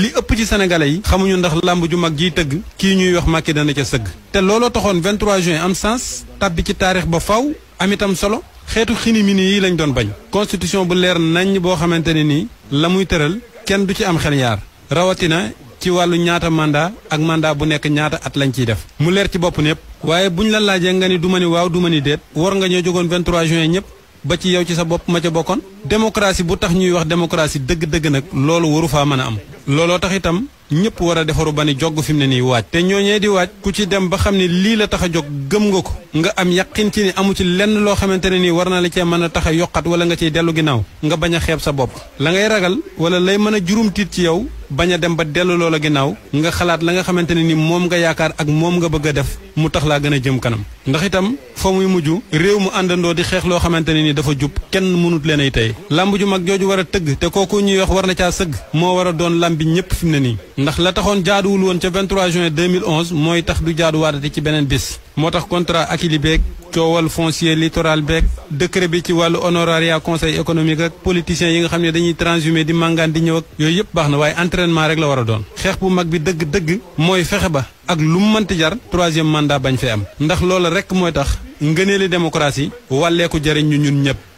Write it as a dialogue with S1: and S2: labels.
S1: li ëpp ci sénégalais yi xamuñu ndax làmb ju mag jiy tëgg kii ñuy wax Macky dana ca sëgg te looloo taxoon 23 juin am sens tàbbi ci taarix ba faw am solo xeetu xini mini yi lañ doon bañ constitution bu leer nañ boo xamante ne nii la muy tëral kenn du ci am xel ñaar rawatina ci wàllu ñaata mandat ak mandat bu nekk ñaata at lañ ciy def mu leer ci bopp ñëpp waaye buñ la laajee nga ni du ma ni waaw du ma ni déet war nga ñoo jógoon 23 juin ñëpp ba ci yow ci sa bopp ma ca bokkoon démocratie bu tax ñuy wax démocratie dëgg-dëgg nag loolu waru faa mën a am looloo tax itam ñëpp war a defaru ba ni jog fi mu ne nii waaj te ñooñee di waaj ku ci dem ba xam ni lii la tax a jóg gëm nga ko nga am yaqin ci ni amu ci lenn loo xamante ne nii war na la cee mën a tax a yokkat wala nga ciy dellu ginnaaw nga bañ a xeeb sa bopp la ngay ragal wala lay mën a jurum tiit ci yow bañ a dem ba dellu loola ginnaaw nga xalaat la nga xamante ne ni moom nga yaakaar ak moom nga bëgg def mu tax laa gën a jëm kanam ndax itam fa muy mujj réew mu àndandoo di xeex loo xamante ne ni dafa jub kenn mënut leen ay tey lamb ju mag jooju war a tëgg te kooku ñuy wax war na caa sëgg moo war a doon lam bi ñëpp fi mu ne nii ndax la taxoon jaaduwul woon ca 23 juin 2011 mooy tax du jaaduwaatati ci beneen bis moo tax contrat équilibré coowal foncier littoral beek décret bi ci wàllu honoraria conseil économique ak politiciens yi nga xam ne dañuy transhumé di màngaan di ñëw ak yooyu yëpp baax na waaye entraînement rek la war a doon xeex bu mag bi dëgg-dëgg mooy fexe ba ak lu mu mënti jar troisième mandat bañ fee am ndax loola rek mooy tax ngëneeli démocratie wàlleeku jëriñ ñu ñun ñëpp